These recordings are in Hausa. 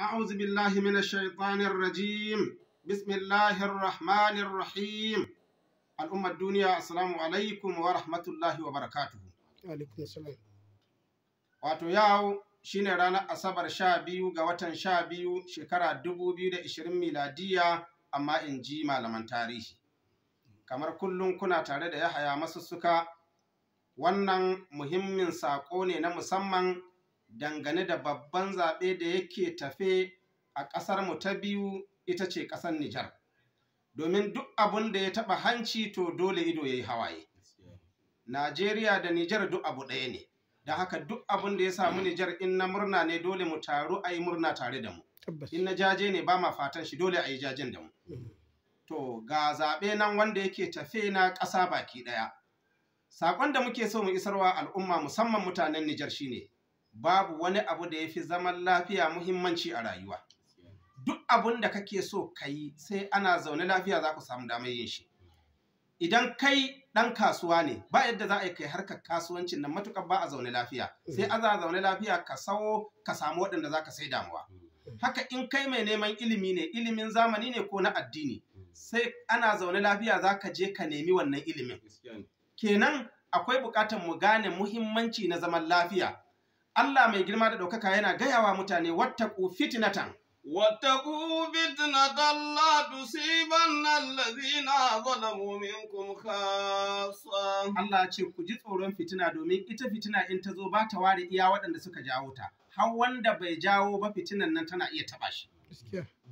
أعوذ بالله من الشيطان الرجيم بسم الله الرحمن الرحيم الأمة الدنيا السلام عليكم ورحمة الله وبركاته عليكم السلام wato yau shine ranar asabar sha biyu ga watan sha biyu shekara dubu biyu da ishirin miladiya amma in ji malaman tarihi kamar kullum kuna tare da yahaya masussuka wannan muhimmin saƙo ne na musamman dangane da babban zaɓe da yake tafe a ƙasarmu ta biyu ita ce ƙasar Nijar. Domin duk abun da ya taɓa hanci to dole ido ya yi hawaye. Najeriya da Nijar duk abu ɗaya ne, da haka duk abun da ya samu Nijar in na murna ne dole mu taru a yi murna tare da mu. In na jaje ne ba ma fatan shi dole a yi jajen da mu. To ga zaɓe nan wanda yake tafe na ƙasa baki ɗaya. Saƙon da muke so mu isarwa al'umma musamman mutanen Nijar shine babu wani abu da ya fi zaman lafiya muhimmanci a rayuwa duk abun da kake so ka yi sai ana zaune lafiya za ku samu damar yin shi idan kai ɗan kasuwa ne ba yadda za a yi kai harkar kasuwancin nan matuƙar ba a zaune lafiya sai ana zaune lafiya ka sawo ka samu waɗanda za ka sai damuwa haka in kai mai neman ilimi ne ilimin zamani ne ko na addini sai ana zaune lafiya za ka je ka nemi wannan ilimin kenan akwai buƙatar mu gane muhimmanci na zaman lafiya Allah mai girma da ɗaukaka yana gaya wa mutane wattaku fitnatan واتقوا فتنة لا تصيبن الذين ظلموا منكم خاصة Allah ce ku ji tsoron fitina domin ita fitina in ta zo ba ta ware iya waɗanda suka jawo ta har wanda bai jawo ba fitinan nan tana iya taɓa shi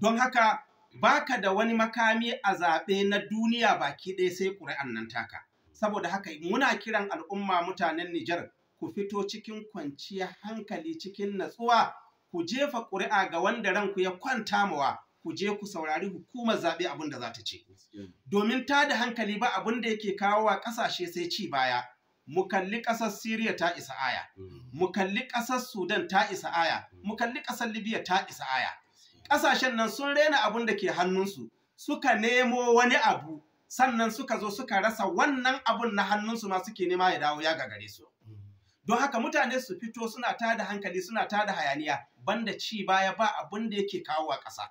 don haka baka da wani makami a zaɓe na duniya baki ɗaya sai ƙuri'an nan taka saboda haka muna kiran al'umma mutanen Nijar ku fito cikin kwanciyar hankali cikin natsuwa ku jefa ƙuri'a ga wanda ranku ya kwanta mawa ku je ku saurari hukumar zaɓe abin da za ta ce. Domin ta da hankali ba abin da yake kawo wa ƙasashe sai ci baya. Mu kalli ƙasar Siriya ta isa aya, mm. mu kalli ƙasar Sudan ta isa aya, mu mm. kalli ƙasar Libya ta isa aya. Ƙasashen nan sun rena abin da ke hannunsu, suka nemo wani abu, sannan suka zo suka rasa wannan abun na hannunsu ma suke nema ya dawo ya gagare su. Don haka mutane su fito suna tada hankali suna tada hayaniya banda ci baya ba abin da yake kawo a ƙasa.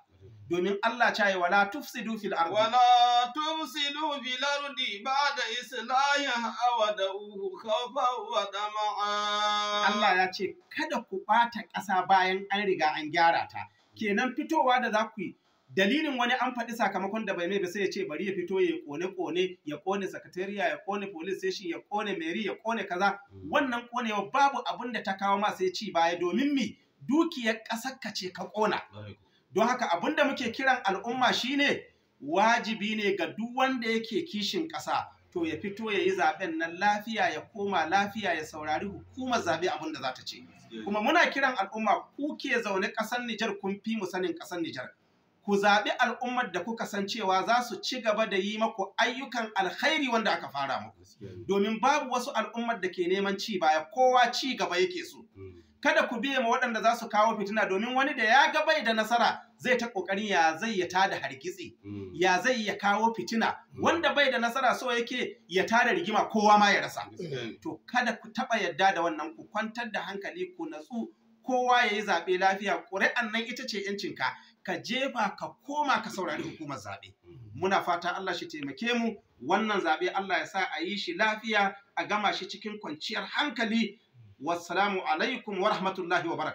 Domin Allah ta yi wala tufsidu fil ardi. Wala tufsidu fil ardi ba da islahiha da uhu kafa wa dama'a. Allah ya ce kada ku ɓata ƙasa bayan an riga an gyara ta. Kenan fitowa da za ku yi dalilin wani an faɗi sakamakon da bai mai ba sai ya ce bari ya fito ya kone kone ya kone sakatariya ya kone police station ya kone meri ya kone kaza mm. wannan konewa babu abin da ta kawo ma sai ci baya domin mi dukiyar ƙasar ka ce ka kona don haka abin da muke kiran al'umma shine wajibi ne ga duk wanda yake kishin ƙasa to ya fito ya yi zaben nan lafiya ya koma lafiya ya saurari hukumar zaɓe abin da za ta ce kuma muna kiran al'umma ku ke zaune ƙasar Nijar kun fi mu sanin ƙasar Nijar ku zaɓi al'ummar da kuka san cewa za su ci gaba da yi maku ayyukan alkhairi wanda aka fara muku domin babu wasu al'ummar da ke neman ci baya kowa ci gaba yake so hmm. kada ku biye ma waɗanda za su kawo fitina domin wani da ya ga bai da nasara zai ta ƙoƙarin ya zai ya tada hargitsi hmm. ya zai ya kawo fitina hmm. wanda bai da nasara so yake ya tada rigima kowa ma ya rasa to kada ku taɓa yadda da wannan ku kwantar da hankali ku natsu kowa ya yi zaɓe lafiya ƙuri'an nan ita ce ‘yancinka ka jefa ka koma ka saurari hukumar zaɓe muna fata Allah shi taimake mu wannan zaɓe Allah ya sa a yi shi lafiya a gama shi cikin kwanciyar hankali wassalamu alaikum wa rahmatullahi wa